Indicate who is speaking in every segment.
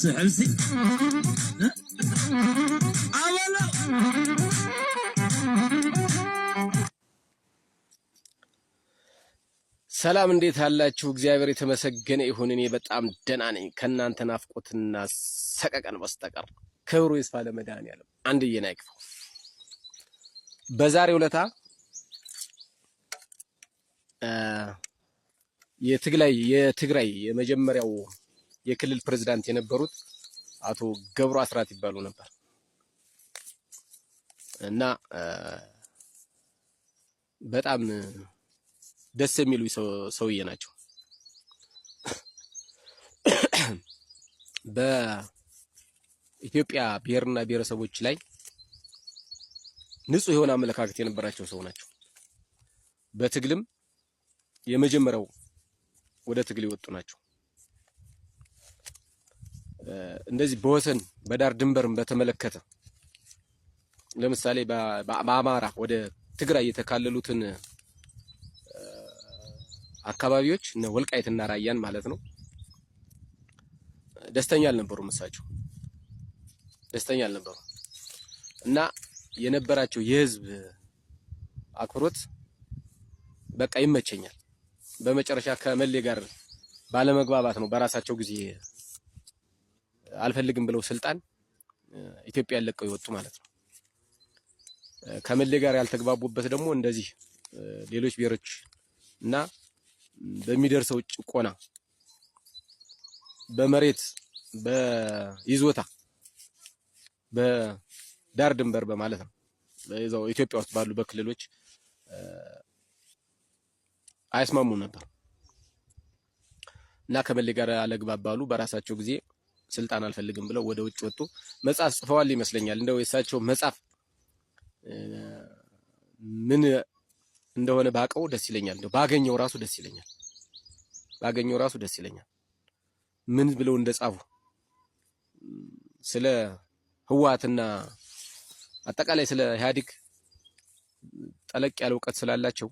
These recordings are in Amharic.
Speaker 1: ስዕልሲ አበሎ ሰላም እንዴት አላችሁ? እግዚአብሔር የተመሰገነ ይሁን። እኔ በጣም ደህና ነኝ ከእናንተ ናፍቆትና ሰቀቀን በስተቀር ክብሩ ይስፋ ለመድኃኒዓለም። አንድዬን አይክፋው። በዛሬው ዕለት የትግራይ የመጀመሪያው የክልል ፕሬዝዳንት የነበሩት አቶ ገብሩ አስራት ይባሉ ነበር እና በጣም ደስ የሚሉ ሰውዬ ናቸው። በኢትዮጵያ ብሔርና ብሔረሰቦች ላይ ንጹህ የሆነ አመለካከት የነበራቸው ሰው ናቸው። በትግልም የመጀመሪያው ወደ ትግል የወጡ ናቸው። እንደዚህ በወሰን በዳር ድንበርን በተመለከተ ለምሳሌ በአማራ ወደ ትግራይ የተካለሉትን አካባቢዎች እነ እና ራያን ማለት ነው። ደስተኛ አልነበሩ። እሳቸው ደስተኛ አልነበሩም እና የነበራቸው የህዝብ አክብሮት በቃ ይመቸኛል። በመጨረሻ ከመሌ ጋር ባለመግባባት ነው በራሳቸው ጊዜ አልፈልግም ብለው ስልጣን ኢትዮጵያን ለቀው ይወጡ ማለት ነው። ከመሌ ጋር ያልተግባቡበት ደግሞ እንደዚህ ሌሎች ብሔሮች እና በሚደርሰው ጭቆና በመሬት በይዞታ በዳር ድንበር በማለት ነው በዛው ኢትዮጵያ ውስጥ ባሉ በክልሎች አይስማሙ ነበር እና ከመሌ ጋር አለግባባሉ በራሳቸው ጊዜ ስልጣን አልፈልግም ብለው ወደ ውጭ ወጡ። መጽሐፍ ጽፈዋል ይመስለኛል። እንደው የእሳቸው መጽሐፍ ምን እንደሆነ ባቀው ደስ ይለኛል። እንደው ባገኘው ራሱ ደስ ይለኛል። ባገኘው ራሱ ደስ ይለኛል። ምን ብለው እንደጻፉ ስለ ህወሓትና አጠቃላይ ስለ ኢህአዴግ ጠለቅ ያለ እውቀት ስላላቸው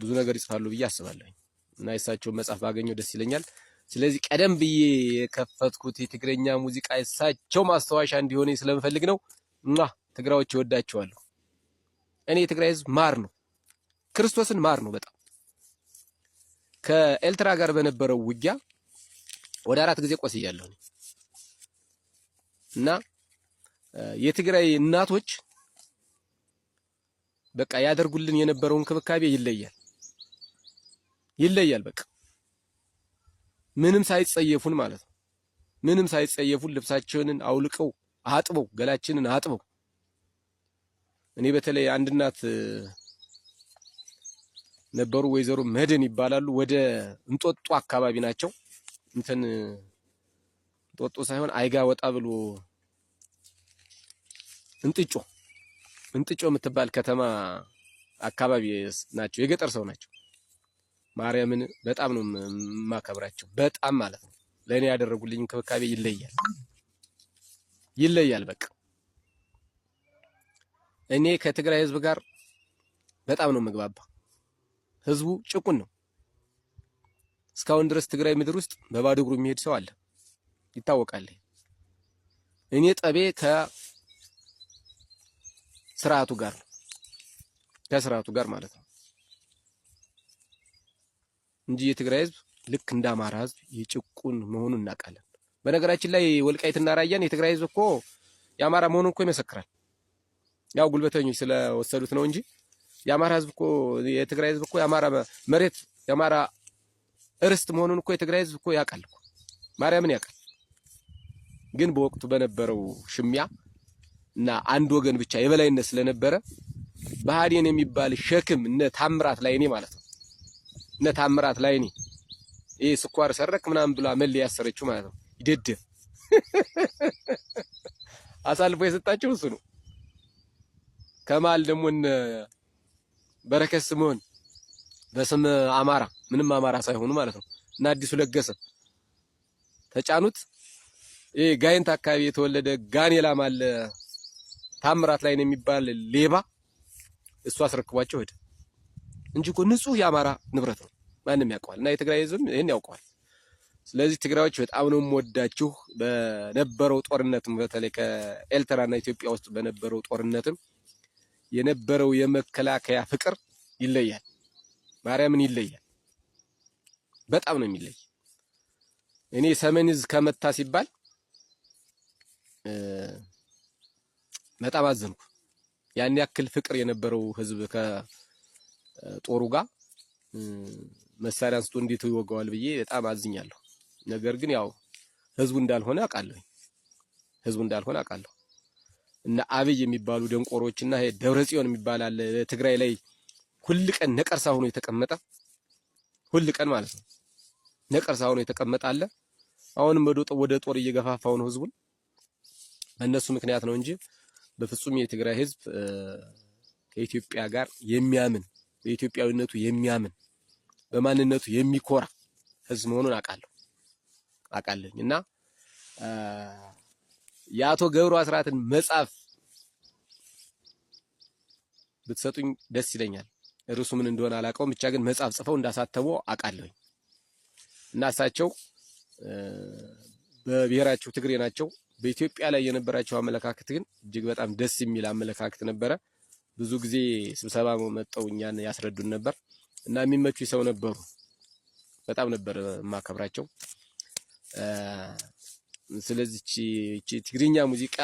Speaker 1: ብዙ ነገር ይጽፋሉ ብዬ አስባለሁ እና የእሳቸውን መጽሐፍ ባገኘው ደስ ይለኛል። ስለዚህ ቀደም ብዬ የከፈትኩት የትግረኛ ሙዚቃ እሳቸው ማስታወሻ እንዲሆነ ስለምፈልግ ነው። ትግራዎች ይወዳቸዋለሁ። እኔ የትግራይ ህዝብ ማር ነው፣ ክርስቶስን ማር ነው። በጣም ከኤልትራ ጋር በነበረው ውጊያ ወደ አራት ጊዜ ቆስያለሁ እና የትግራይ እናቶች በቃ ያደርጉልን የነበረውን እንክብካቤ ይለያል ይለያል በቃ ምንም ሳይጸየፉን ማለት ነው። ምንም ሳይጸየፉን ልብሳችንን አውልቀው አጥበው ገላችንን አጥበው። እኔ በተለይ አንድ እናት ነበሩ፣ ወይዘሮ መድን ይባላሉ። ወደ እንጦጦ አካባቢ ናቸው። እንትን እንጦጦ ሳይሆን አይጋ ወጣ ብሎ እንጥጮ እንጥጮ የምትባል ከተማ አካባቢ ናቸው። የገጠር ሰው ናቸው። ማርያምን በጣም ነው የማከብራቸው። በጣም ማለት ነው ለእኔ ያደረጉልኝ እንክብካቤ ይለያል ይለያል። በቃ እኔ ከትግራይ ህዝብ ጋር በጣም ነው መግባባ። ህዝቡ ጭቁን ነው። እስካሁን ድረስ ትግራይ ምድር ውስጥ በባዶ እግሩ የሚሄድ ሰው አለ፣ ይታወቃል። እኔ ጠቤ ከስርዓቱ ጋር ከስርዓቱ ጋር ማለት ነው እንጂ የትግራይ ህዝብ ልክ እንደ አማራ ህዝብ የጭቁን መሆኑን እናውቃለን። በነገራችን ላይ ወልቃይትና ራያን የትግራይ ህዝብ እኮ የአማራ መሆኑን እኮ ይመሰክራል። ያው ጉልበተኞች ስለወሰዱት ነው እንጂ የአማራ ህዝብ እኮ የትግራይ ህዝብ እኮ የአማራ መሬት የአማራ እርስት መሆኑን እኮ የትግራይ ህዝብ እኮ ያውቃል እኮ ማርያምን ያውቃል። ግን በወቅቱ በነበረው ሽሚያ እና አንድ ወገን ብቻ የበላይነት ስለነበረ ባህዴን የሚባል ሸክም እነ ታምራት ላይ እኔ ማለት ነው እነ ታምራት ላይ እኔ ይሄ ስኳር ሰረክ ምናምን ብሎ አመል ያሰረችው ማለት ነው። ይደደብ አሳልፎ የሰጣቸው እሱ ነው። ከመሀል ደግሞ እነ በረከት ስምኦን በስም አማራ ምንም አማራ ሳይሆኑ ማለት ነው እና አዲሱ ለገሰ ተጫኑት። ይሄ ጋይንት አካባቢ የተወለደ ጋኔላም አለ ታምራት ላይ ነው የሚባል ሌባ እሱ አስረክቧቸው ሄደ። እንጂ እኮ ንጹህ የአማራ ንብረት ነው። ማንም ያውቀዋል እና የትግራይ ህዝብ ይህን ያውቀዋል። ስለዚህ ትግራዮች በጣም ነው የምወዳችሁ። በነበረው ጦርነትም በተለይ ከኤልትራና ኢትዮጵያ ውስጥ በነበረው ጦርነትም የነበረው የመከላከያ ፍቅር ይለያል። ማርያምን ይለያል። በጣም ነው የሚለይ። እኔ ሰሜን ዕዝ ከመታ ሲባል በጣም አዘንኩ። ያን ያክል ፍቅር የነበረው ህዝብ ከ ጦሩ ጋር መሳሪያ አንስቶ እንዴት ይወጋዋል ብዬ በጣም አዝኛለሁ። ነገር ግን ያው ህዝቡ እንዳልሆነ አውቃለሁ፣ ህዝቡ እንዳልሆነ አውቃለሁ። እና አብይ የሚባሉ ደንቆሮችና ይሄ ደብረ ጽዮን የሚባል አለ ትግራይ ላይ ሁል ቀን ነቀርሳ ሆኖ የተቀመጠ ሁል ቀን ማለት ነው ነቀርሳ ሆኖ የተቀመጠ አለ። አሁንም ወደ ጦር እየገፋፋው ነው ህዝቡን። በእነሱ ምክንያት ነው እንጂ በፍጹም የትግራይ ህዝብ ከኢትዮጵያ ጋር የሚያምን በኢትዮጵያዊነቱ የሚያምን በማንነቱ የሚኮራ ህዝብ መሆኑን አውቃለሁ አውቃለኝ እና የአቶ ገብሩ አስራትን መጽሐፍ ብትሰጡኝ ደስ ይለኛል። ርዕሱ ምን እንደሆነ አላውቀውም፣ ብቻ ግን መጽሐፍ ጽፈው እንዳሳተሙ አውቃለሁኝ እና እሳቸው በብሔራቸው ትግሬ ናቸው። በኢትዮጵያ ላይ የነበራቸው አመለካከት ግን እጅግ በጣም ደስ የሚል አመለካከት ነበረ። ብዙ ጊዜ ስብሰባ መጠው እኛን ያስረዱን ነበር እና የሚመቹ ሰው ነበሩ። በጣም ነበር የማከብራቸው። ስለዚህ እቺ ትግርኛ ሙዚቃ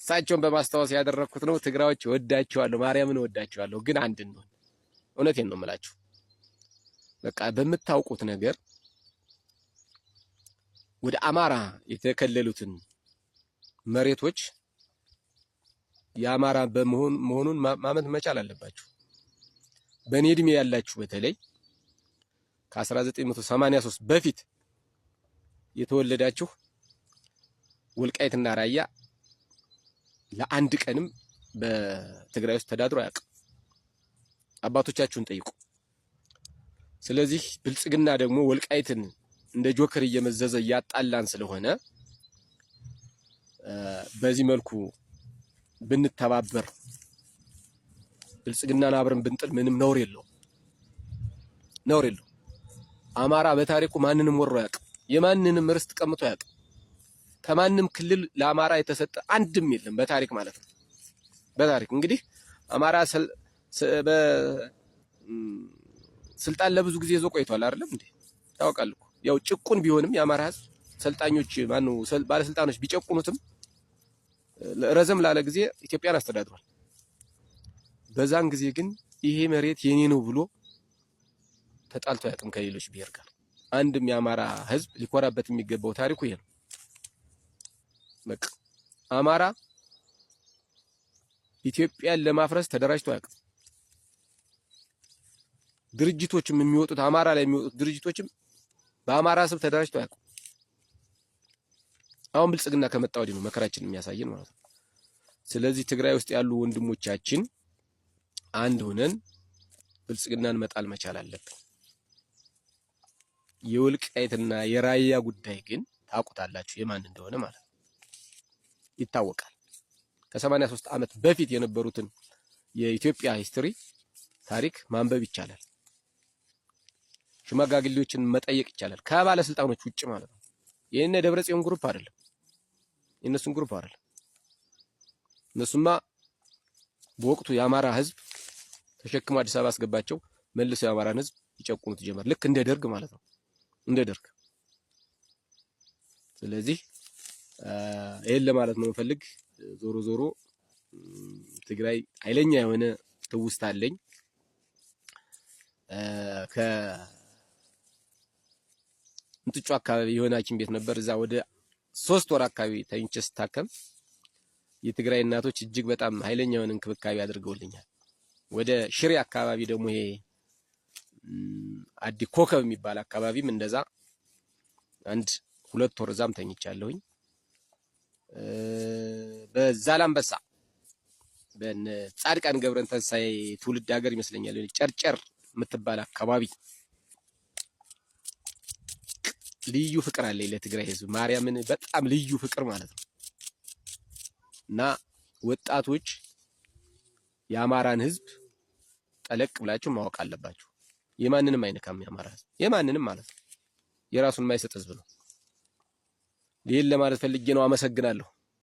Speaker 1: እሳቸውን በማስታወስ ያደረኩት ነው። ትግራዎች ወዳቸዋለሁ፣ ማርያምን ወዳቸዋለሁ። ግን አንድ ነው። እውነቴን ነው የምላችሁ። በቃ በምታውቁት ነገር ወደ አማራ የተከለሉትን መሬቶች የአማራ መሆኑን ማመን መቻል አለባችሁ። በእኔ እድሜ ያላችሁ በተለይ ከ1983 በፊት የተወለዳችሁ ወልቃይትና ራያ ለአንድ ቀንም በትግራይ ውስጥ ተዳድሮ አያውቅም። አባቶቻችሁን ጠይቁ። ስለዚህ ብልጽግና ደግሞ ወልቃይትን እንደ ጆከር እየመዘዘ እያጣላን ስለሆነ በዚህ መልኩ ብንተባበር ብልጽግናን አብረን ብንጥል ምንም ነውር የለው ነውር የለው። አማራ በታሪኩ ማንንም ወሮ ያቅ የማንንም ርስት ቀምቶ ያቅ? ከማንም ክልል ለአማራ የተሰጠ አንድም የለም በታሪክ ማለት ነው። በታሪክ እንግዲህ አማራ ስልጣን ለብዙ ጊዜ ይዞ ቆይቷል። አይደለም እንዴ? ያውቃል እኮ ያው ጭቁን ቢሆንም የአማራ ህዝብ ሰልጣኞች ማነው ባለስልጣኖች ቢጨቁኑትም ረዘም ላለ ጊዜ ኢትዮጵያን አስተዳድሯል። በዛን ጊዜ ግን ይሄ መሬት የኔ ነው ብሎ ተጣልቶ አያውቅም ከሌሎች ብሔር ጋር። አንድም የአማራ ህዝብ ሊኮራበት የሚገባው ታሪኩ ይሄ ነው። በቃ አማራ ኢትዮጵያን ለማፍረስ ተደራጅቶ አያውቅም። ድርጅቶችም የሚወጡት አማራ ላይ የሚወጡት ድርጅቶችም በአማራ ስም ተደራጅቶ አያውቁም። አሁን ብልጽግና ከመጣ ወዲህ ነው መከራችን የሚያሳየን ማለት ነው። ስለዚህ ትግራይ ውስጥ ያሉ ወንድሞቻችን አንድ ሆነን ብልጽግናን መጣል መቻል አለብን። የወልቃይትና የራያ ጉዳይ ግን ታውቁታላችሁ የማን እንደሆነ ማለት ነው፣ ይታወቃል። ከ83 ዓመት በፊት የነበሩትን የኢትዮጵያ ሂስትሪ ታሪክ ማንበብ ይቻላል። ሽማጋግሌዎችን መጠየቅ ይቻላል፣ ከባለስልጣኖች ውጭ ማለት ነው። ይህን ደብረ ጽዮን ግሩፕ አይደለም። የእነሱን ግሩፕ አይደል። እነሱማ በወቅቱ የአማራ ህዝብ ተሸክሞ አዲስ አበባ አስገባቸው። መልሰው የአማራን ህዝብ ይጨቁኑት ጀመር። ልክ እንደ ደርግ ማለት ነው፣ እንደ ደርግ። ስለዚህ ይህን ለማለት ነው የምፈልግ። ዞሮ ዞሮ ትግራይ ኃይለኛ የሆነ ትውስታ አለኝ ከእንጥጮ አካባቢ የሆነ ሐኪም ቤት ነበር እዛ ወደ ሶስት ወር አካባቢ ተኝቼ ስታከም የትግራይ እናቶች እጅግ በጣም ኃይለኛውን እንክብካቤ አድርገውልኛል። ወደ ሽሬ አካባቢ ደግሞ ይሄ አዲ ኮከብ የሚባል አካባቢም እንደዛ አንድ ሁለት ወር እዛም ተኝቻለሁኝ። በዛላምበሳ በነ ጻድቃን ገብረን ተንሳኤ ትውልድ ሀገር ይመስለኛል ጨርጨር የምትባል አካባቢ ልዩ ፍቅር አለኝ ለትግራይ ህዝብ ማርያምን በጣም ልዩ ፍቅር ማለት ነው እና ወጣቶች የአማራን ህዝብ ጠለቅ ብላችሁ ማወቅ አለባችሁ። የማንንም አይነካም የአማራ ህዝብ የማንንም ማለት ነው። የራሱን የማይሰጥ ህዝብ ነው። ይህን ለማለት ፈልጌ ነው። አመሰግናለሁ።